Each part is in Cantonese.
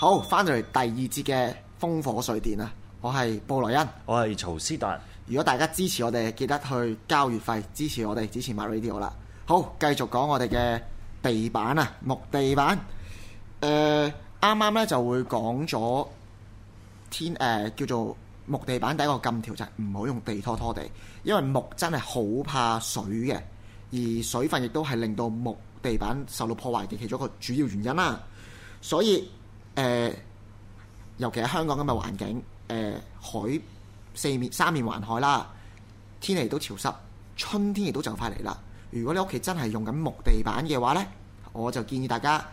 好，返到嚟第二節嘅風火水電啊！我係布萊恩，我係曹撕達。如果大家支持我哋，記得去交月費支持我哋，支持 MyRadio 啦。好，繼續講我哋嘅地板啊，木地板。誒、呃，啱啱咧就會講咗天誒、呃、叫做木地板第一個禁條就係唔好用地拖拖地，因為木真係好怕水嘅，而水分亦都係令到木地板受到破壞嘅其中一個主要原因啦，所以。誒、呃，尤其喺香港咁嘅環境，誒、呃，海四面三面環海啦，天氣都潮濕，春天亦都就快嚟啦。如果你屋企真係用緊木地板嘅話呢，我就建議大家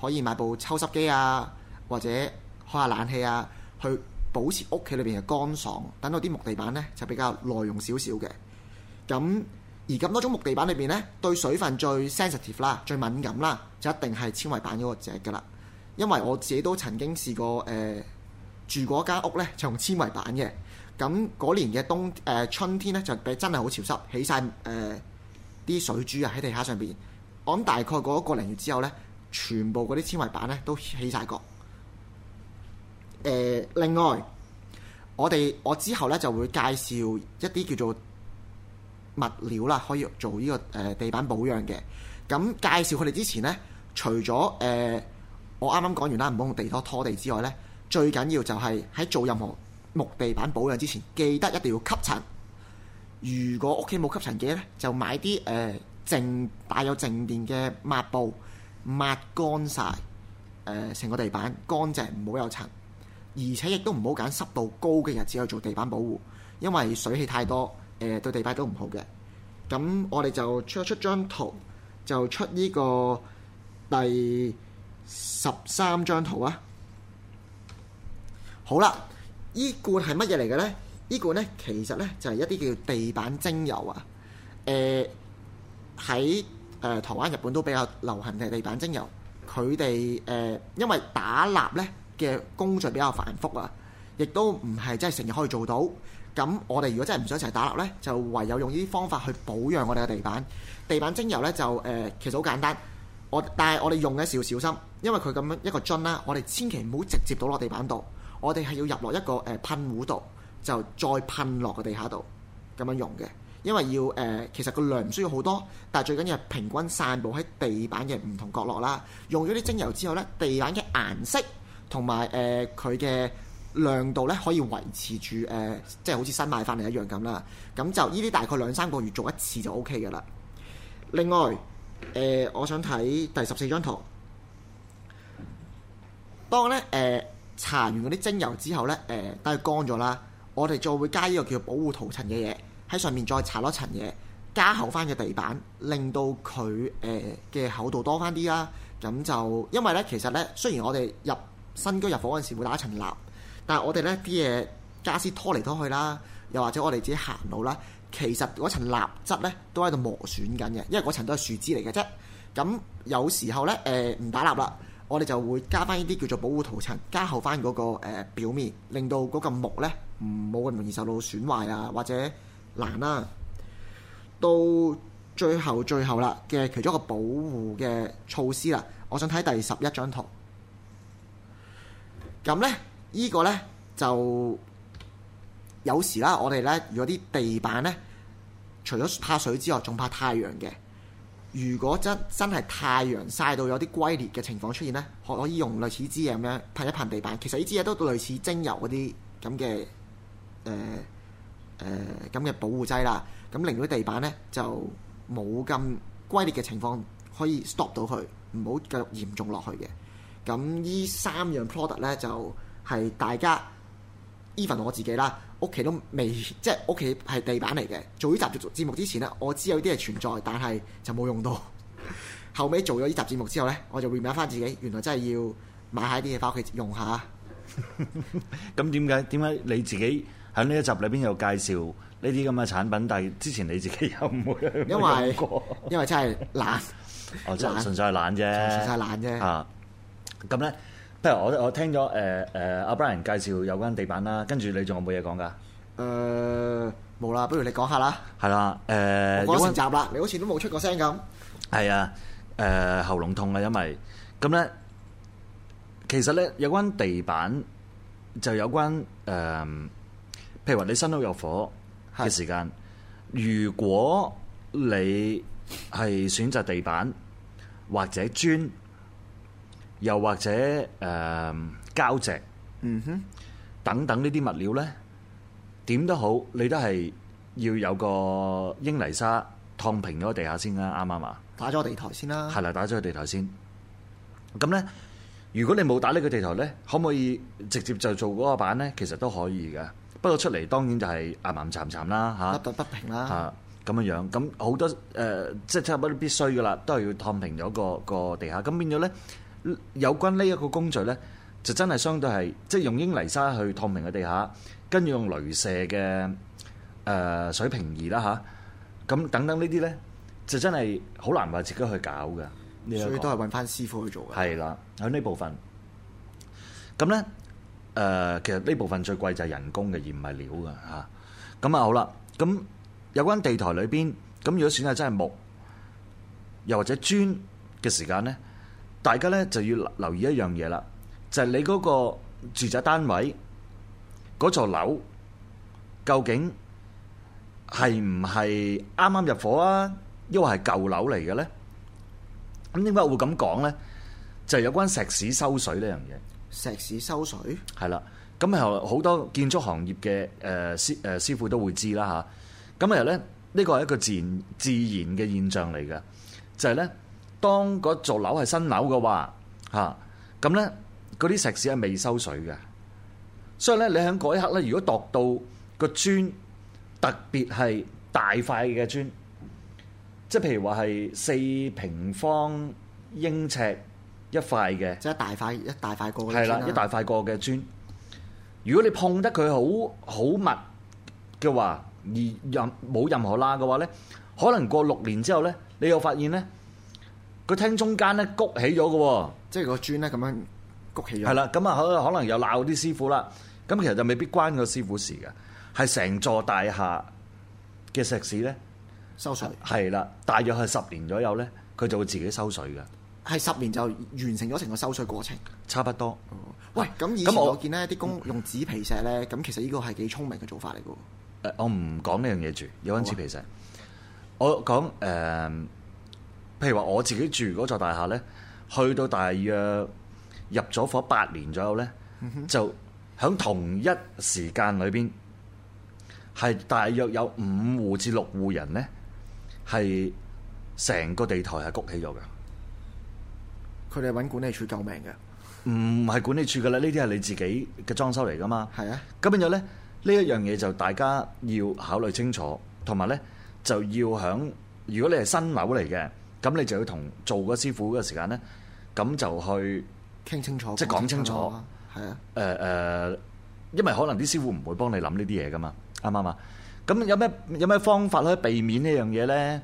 可以買部抽濕機啊，或者開下冷氣啊，去保持屋企裏面嘅乾爽。等到啲木地板呢就比較耐用少少嘅。咁而咁多種木地板裏面呢，對水分最 sensitive 啦、最敏感啦，就一定係纖維板嗰個隻㗎啦。因為我自己都曾經試過誒、呃、住嗰間屋呢，就用纖維板嘅。咁嗰年嘅冬誒、呃、春天呢，就真係好潮濕，起晒誒啲水珠啊喺地下上邊。我諗大概過一個零月之後呢，全部嗰啲纖維板呢都起晒角。誒、呃、另外，我哋我之後呢就會介紹一啲叫做物料啦，可以做呢、這個誒、呃、地板保養嘅。咁、呃、介紹佢哋之前呢，除咗誒。呃我啱啱講完啦，唔好用地拖拖地之外呢，最緊要就係喺做任何木地板保養之前，記得一定要吸塵。如果屋企冇吸塵機呢，就買啲誒靜帶有靜電嘅抹布抹乾晒，成、呃、個地板乾淨，唔好有塵。而且亦都唔好揀濕度高嘅日子去做地板保護，因為水氣太多誒、呃，對地板都唔好嘅。咁我哋就出一出張圖，就出呢個第十三張圖啊！好啦，依罐係乜嘢嚟嘅呢？依罐呢，其實呢，就係一啲叫地板精油啊！喺台灣、日本都比較流行嘅地板精油。佢哋誒因為打蠟呢嘅工序比較繁複啊，亦都唔係真係成日可以做到。咁我哋如果真係唔想一齊打蠟呢，就唯有用呢啲方法去保養我哋嘅地板。地板精油呢，就誒其實好簡單。我但係我哋用嘅時候要小心，因為佢咁樣一個樽啦，我哋千祈唔好直接倒落地板度，我哋係要入落一個誒噴壺度，就再噴落個地下度咁樣用嘅，因為要誒、呃、其實個量唔需要好多，但係最緊要係平均散佈喺地板嘅唔同角落啦。用咗啲精油之後呢，地板嘅顏色同埋誒佢嘅亮度呢，可以維持住誒、呃，即係好似新買翻嚟一樣咁啦。咁就呢啲大概兩三個月做一次就 O K 㗎啦。另外。誒、呃，我想睇第十四張圖當呢。當咧誒搽完嗰啲精油之後咧，誒都係乾咗啦。我哋再會加呢個叫保護塗層嘅嘢喺上面，再搽多層嘢，加厚翻嘅地板，令到佢誒嘅厚度多翻啲啦。咁就因為咧，其實咧，雖然我哋入新居入房嗰陣時候會打一層蠟，但係我哋咧啲嘢傢俬拖嚟拖去啦，又或者我哋自己行路啦。其實嗰層蠟質呢都喺度磨損緊嘅，因為嗰層都係樹脂嚟嘅啫。咁有時候呢，誒、呃、唔打蠟啦，我哋就會加翻呢啲叫做保護塗層，加厚翻嗰個、呃、表面，令到嗰個木呢唔冇咁容易受到損壞啊或者爛啦、啊。到最後最後啦嘅其中一個保護嘅措施啦，我想睇第十一張圖。咁呢，呢、呢個呢就。有時啦，我哋呢，如果啲地板呢，除咗怕水之外，仲怕太陽嘅。如果真真係太陽曬到有啲龜裂嘅情況出現呢，可可以用類似支嘢咁樣噴一噴地板。其實呢支嘢都類似精油嗰啲咁嘅誒、咁嘅保護劑啦。咁令到地板呢，就冇咁龜裂嘅情況，可以 stop 到佢，唔好繼續嚴重落去嘅。咁呢三樣 product 呢，就係大家。even 我自己啦，屋企都未即係屋企係地板嚟嘅。做呢集做節目之前呢，我知道有啲嘢存在，但係就冇用到。後尾做咗呢集節目之後呢，我就 remind 翻自己，原來真係要買下啲嘢翻屋企用下。咁點解點解你自己喺呢一集裏邊有介紹呢啲咁嘅產品，但係之前你自己又冇用過？因為，因為真係懶。哦 懶，即係純粹係懶啫。純粹係懶啫。純純懶啊，咁咧。不如我我聽咗誒誒阿 Brian 介紹有關地板啦，跟住你仲有冇嘢講噶？誒冇啦，不如你講下啦。係啦，誒、呃、我講成集啦，關你好似都冇出個聲咁。係啊，誒、呃、喉嚨痛啊，因為咁咧，其實咧有關地板就有關誒、呃，譬如話你新屋入伙嘅時間，的如果你係選擇地板或者磚。又或者誒膠席，嗯哼，等等呢啲物料咧，點都好，你都係要有個英泥沙燙平咗個地下先啦，啱唔啱啊？打咗個地台先啦。係啦，打咗個地台先。咁咧，如果你冇打呢個地台咧，可唔可以直接就做嗰個板咧？其實都可以嘅，不過出嚟當然就係岩岩沉沉啦，嚇不不平啦。嚇咁樣樣，咁好多誒，即係差唔多必須噶啦，都係要燙平咗個個地下。咁變咗咧。有關呢一個工序咧，就真係相對係即係用英泥沙去燙平嘅地下，跟住用雷射嘅誒、呃、水平儀啦吓，咁、啊、等等這些呢啲咧，就真係好難話自己去搞噶。這個、所以都係揾翻師傅去做嘅。係啦，喺呢部分咁咧，誒、呃、其實呢部分最貴就係人工嘅，而唔係料嘅吓，咁啊好啦，咁有關地台裏邊咁，如果選擇真係木，又或者磚嘅時間咧？大家咧就要留意一樣嘢啦，就係、是、你嗰個住宅單位嗰座樓究竟係唔係啱啱入伙啊，因為係舊樓嚟嘅咧？咁點解會咁講咧？就係、是、有關石屎收水呢樣嘢。石屎收水係啦，咁好多建築行業嘅誒師誒師傅都會知啦吓，咁日咧呢個係一個自然自然嘅現象嚟嘅，就係咧。當嗰座樓係新樓嘅話，嚇咁呢嗰啲石屎係未收水嘅，所以呢，你喺嗰一刻呢，如果度到個磚，特別係大塊嘅磚，即係譬如話係四平方英尺一塊嘅，即係一大塊一大塊個，係啦，一大塊個嘅磚。如果你碰得佢好好密嘅話，而任冇任何罅嘅話呢，可能過六年之後呢，你又發現呢。佢廳中間咧，谷起咗嘅，即係個磚咧咁樣谷起咗。係啦，咁啊可可能又鬧啲師傅啦。咁其實就未必關個師傅事嘅，係成座大廈嘅石屎咧收水。係啦，大約係十年左右咧，佢就會自己收水嘅。係十年就完成咗成個收水過程。差不多。嗯、喂，咁、嗯、以前我，我見呢啲工用紙皮石咧，咁其實呢個係幾聰明嘅做法嚟嘅。誒，我唔講呢樣嘢住，有用紙皮石。呃、我講誒。譬如話，我自己住嗰座大廈咧，去到大約入咗伙八年左右咧，嗯、哼就喺同一時間裏邊係大約有五戶至六戶人咧，係成個地台係谷起咗嘅。佢哋揾管理處救命嘅，唔係管理處嘅啦。呢啲係你自己嘅裝修嚟噶嘛。係啊的，咁變咗咧呢一樣嘢就大家要考慮清楚，同埋咧就要響。如果你係新樓嚟嘅。咁你就要同做個師傅嘅時間呢，咁就去傾清楚，即係講清楚，係啊、呃，因為可能啲師傅唔會幫你諗呢啲嘢㗎嘛，啱唔啱啊？咁有咩有咩方法可以避免呢樣嘢呢？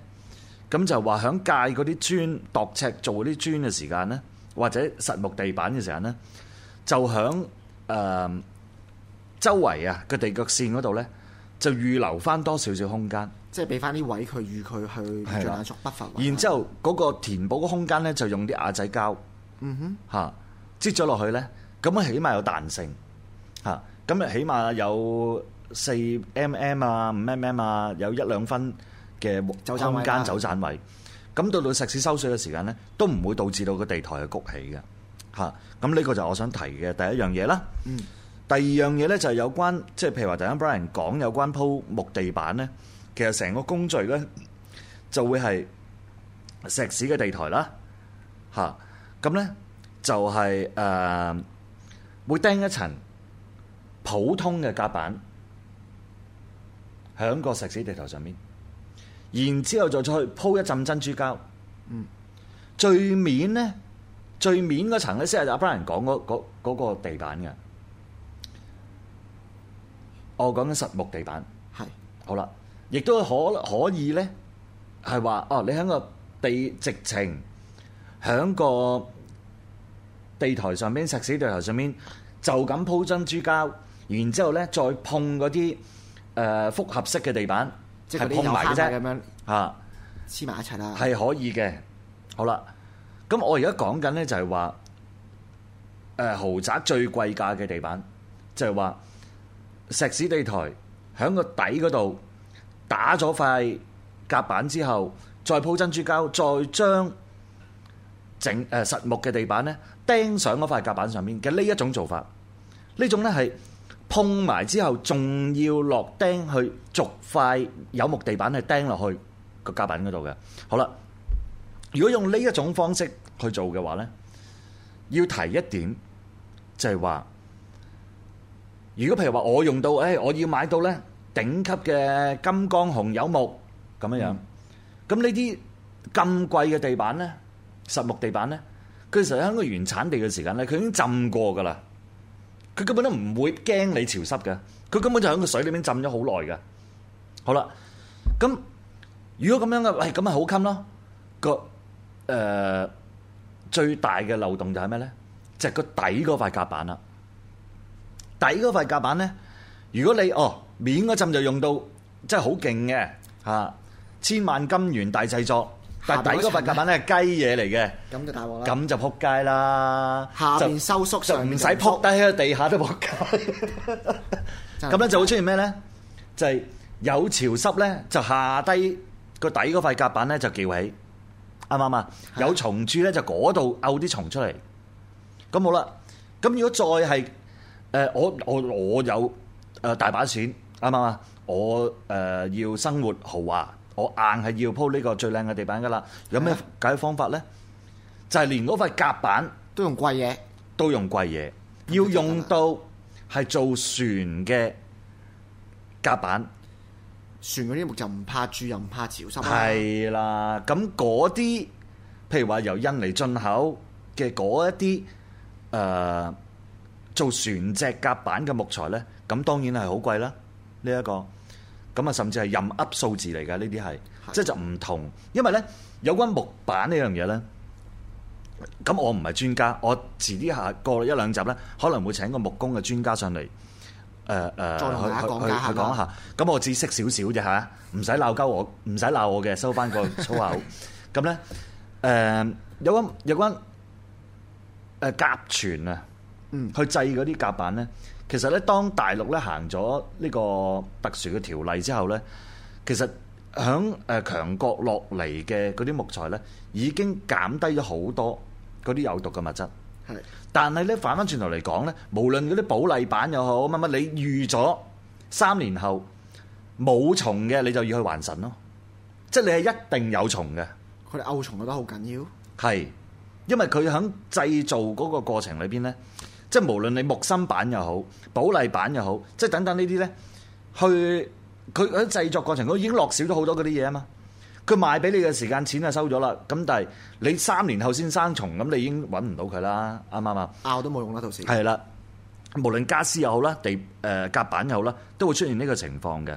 咁就話響界嗰啲磚度尺做啲磚嘅時間呢，或者實木地板嘅時間呢，就響、呃、周圍啊個地腳線嗰度呢，就預留返多少少空間。即係俾翻啲位佢預佢去做眼縮不發，然之後嗰個填補個空間咧就用啲瓦仔膠，嗯哼嚇擠咗落去咧，咁啊起碼有彈性嚇，咁啊起碼有四 mm 啊五 mm 啊，有一兩分嘅空間走攢位，咁到到石屎收水嘅時間咧，都唔會導致到個地台係谷起嘅嚇，咁呢個就我想提嘅第一樣嘢啦。第二樣嘢咧就係有關，即係譬如話頭先 Brian 講有關鋪木地板咧。其實成個工序咧就會係石屎嘅地台啦，吓咁咧就係、是、誒、呃、會釘一層普通嘅夾板喺個石屎地台上面，然之後再再去鋪一浸珍珠膠，嗯最面呢，最面咧最面嗰層咧先係阿 Brian 講嗰嗰個地板嘅，我講緊實木地板，係是 好啦。亦都可可以咧，係話哦，你喺個地直情，喺個地台上邊，石屎地台上面，就咁鋪珍珠膠，然之後咧再碰嗰啲誒複合式嘅地板，即係碰埋嘅啫吓，黐埋一齊啦，係可以嘅。好啦，咁我而家講緊咧就係話誒豪宅最貴價嘅地板，就係話石屎地台喺個底嗰度。打咗塊夾板之後，再鋪珍珠膠，再將整誒實木嘅地板呢，釘上嗰塊夾板上面嘅呢一種做法，呢種呢係碰埋之後，仲要落釘去逐塊有木地板去釘落去個夾板嗰度嘅。好啦，如果用呢一種方式去做嘅話呢，要提一點就係話，如果譬如話我用到，誒、哎、我要買到呢。頂級嘅金剛紅柚木咁樣樣，咁呢啲咁貴嘅地板咧，實木地板咧，佢其實喺個原產地嘅時間咧，佢已經浸過噶啦，佢根本都唔會驚你潮濕嘅，佢根本就喺個水裏面浸咗好耐噶。好啦，咁如果咁樣嘅，喂，咁咪好襟咯？個誒最大嘅漏洞就係咩咧？就係個底嗰塊夾板啦，底嗰塊夾板咧，如果你哦。面嗰陣就用到真係好勁嘅嚇，千萬金元大製作，但係底嗰塊夾板咧係雞嘢嚟嘅，咁就大鑊啦，咁就撲街啦。下邊收縮，上面唔使撲低喺個地下都撲街，咁咧就會出現咩咧？就係有潮濕咧，就下低個底嗰塊夾板咧就翹起，啱唔啱啊？有蟲蛀咧就嗰度嘔啲蟲出嚟，咁好啦。咁如果再係誒我我我有誒大把錢。啱唔啱？我誒、呃、要生活豪華，我硬係要鋪呢個最靚嘅地板噶啦。有咩解決方法咧？啊、就係連嗰塊夾板都用貴嘢，都用貴嘢，要用到係做船嘅夾板。啊、船嗰啲木就唔怕蛀，又唔怕潮濕，啊。係啦，咁嗰啲譬如話由印尼進口嘅嗰一啲誒做船隻夾板嘅木材咧，咁當然係好貴啦。呢一、這個咁啊，甚至係任噏數字嚟嘅，呢啲係即係就唔同，因為咧有關木板呢樣嘢咧，咁我唔係專家，我遲啲下過一兩集咧，可能會請個木工嘅專家上嚟，呃、再同去下去，去講下。咁我只識少少啫嚇，唔使鬧交，我，唔使鬧我嘅，收翻個粗口。咁咧誒有關有關誒甲醛啊，嗯，去製嗰啲夾板咧。嗯嗯。其實咧，當大陸咧行咗呢個特殊嘅條例之後咧，其實喺誒強國落嚟嘅嗰啲木材咧，已經減低咗好多嗰啲有毒嘅物質。是的 但係咧反翻轉頭嚟講咧，無論嗰啲保麗板又好乜乜，你預咗三年後冇蟲嘅，你就要去還神咯。即係你係一定有蟲嘅。佢哋漚蟲覺得好緊要。係，因為佢喺製造嗰個過程裏面咧。即係無論你木芯板又好，保麗板又好，即係等等呢啲咧，去佢喺製作過程，佢已經落少咗好多嗰啲嘢啊嘛。佢賣俾你嘅時間錢就收咗啦。咁但係你三年後先生蟲，咁你已經揾唔到佢啦，啱唔啱啊？拗都冇用啦，到時係啦。無論家私又好啦，地誒夾、呃、板又好啦，都會出現呢個情況嘅。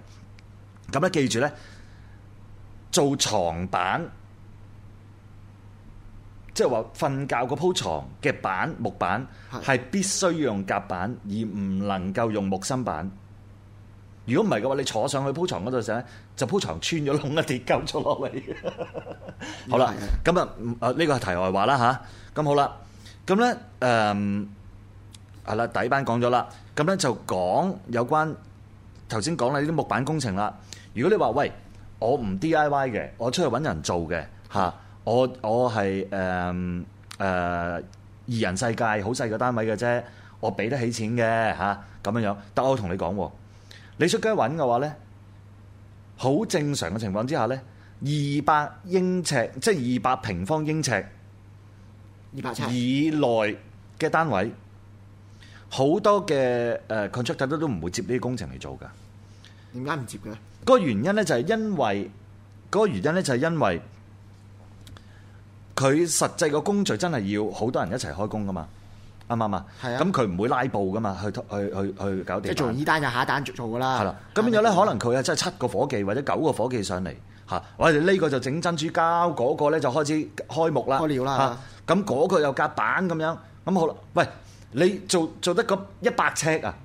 咁咧記住咧，做床板。即係話瞓覺個鋪床嘅板木板係必須要用夾板，而唔能夠用木芯板。如果唔係嘅話，你坐上去鋪床嗰度時候，就鋪床穿咗窿啊，跌鳩咗落嚟。 好啦了，咁啊呢個係題外話啦吓，咁、啊、好啦，咁咧誒係啦，底、嗯啊、一班講咗啦。咁咧就講有關頭先講啦呢啲木板工程啦。如果你話喂，我唔 DIY 嘅，我出去揾人做嘅吓。啊我我係誒誒二人世界，好細個單位嘅啫，我俾得起錢嘅吓，咁、啊、樣樣。但我同你講，你出街揾嘅話咧，好正常嘅情況之下咧，二百英尺，即係二百平方英尺，二百尺以內嘅單位，好 20 7? 多嘅誒 contractor 都唔會接呢啲工程嚟做噶。點解唔接嘅？嗰個原因咧就係因為，嗰個原因咧就係因為。佢實際個工序真係要好多人一齊開工噶嘛，啱唔啱啊？係啊，咁佢唔會拉布噶嘛，去去去去搞掂。即係做二單就下單做嘅啦。係啦，咁變咗咧？可能佢啊，真係七個夥計或者九個夥計上嚟嚇，或者呢個就整珍珠膠，嗰個咧就開始開木啦。開料啦，咁嗰個有夾板咁樣，咁好啦。喂，你做做得嗰一百尺啊？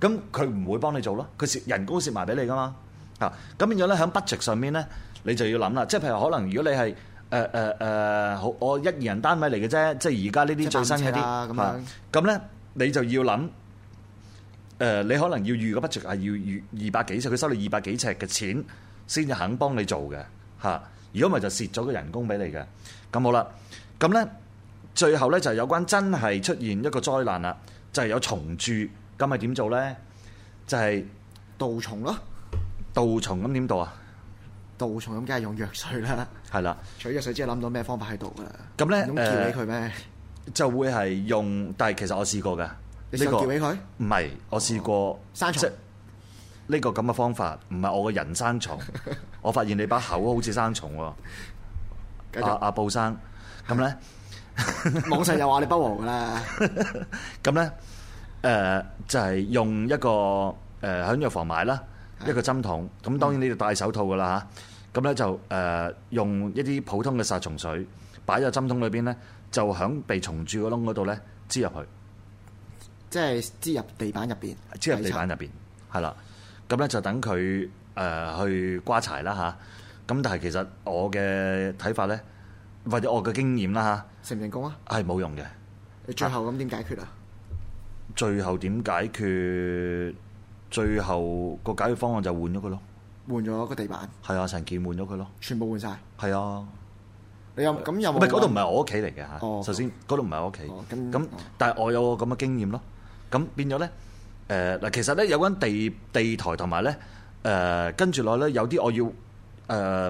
咁佢唔會幫你做咯，佢蝕人工蝕埋俾你噶嘛。啊，咁變咗咧？喺 budget 上面咧，你就要諗啦。即係譬如可能，如果你係誒誒誒，好！我一二人單位嚟嘅啫，即係而家呢啲最新一啲咁咧，你就要諗，誒、呃，你可能要預個 budget 係要預二百幾尺，佢收你二百幾尺嘅錢，先至肯幫你做嘅吓。如果唔係就蝕咗個人工俾你嘅。咁好啦，咁咧最後咧就有關真係出現一個災難啦，就係、是、有蟲蛀。咁係點做咧？就係杜蟲咯，杜蟲咁點杜啊？杜蟲咁梗係用藥水啦，係啦，取藥水之後諗到咩方法喺度啦？咁咧咩？就會係用，但係其實我試過㗎。你想調俾佢？唔係，我試過，生蟲呢個咁嘅方法，唔係我個人生蟲。我發現你把口好似生蟲喎，繼續阿布生。咁咧，網上又話你不和㗎啦。咁咧誒就係用一個誒喺藥房買啦，一個針筒。咁當然你要戴手套㗎啦吓咁咧就誒、呃、用一啲普通嘅殺蟲水擺咗針筒裏邊咧，就響被蟲蛀個窿嗰度咧支入去，即係支入地板入邊，支入地板入邊係啦。咁咧塞 就等佢誒、呃、去瓜柴啦吓，咁但係其實我嘅睇法咧，或者我嘅經驗啦吓，成唔成功啊？係冇用嘅。你最後咁點解決啊？最後點解決？最後個解決方案就換咗佢咯。換咗個地板，係啊，陳建換咗佢咯，全部換晒，係啊，你有咁有冇？嗰度唔係我屋企嚟嘅，首先嗰度唔係我屋企，咁但係我有個咁嘅經驗咯。咁變咗咧，嗱，其實咧有關地地台同埋咧，跟住落咧有啲我要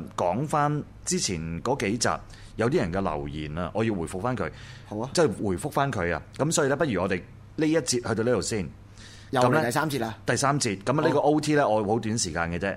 誒講翻之前嗰幾集有啲人嘅留言啊，我要回覆翻佢，好啊，即係回覆翻佢啊。咁所以咧，不如我哋呢一節去到呢度先，又嚟第三節啦。第三節咁啊，呢個 O T 咧，我會好短時間嘅啫。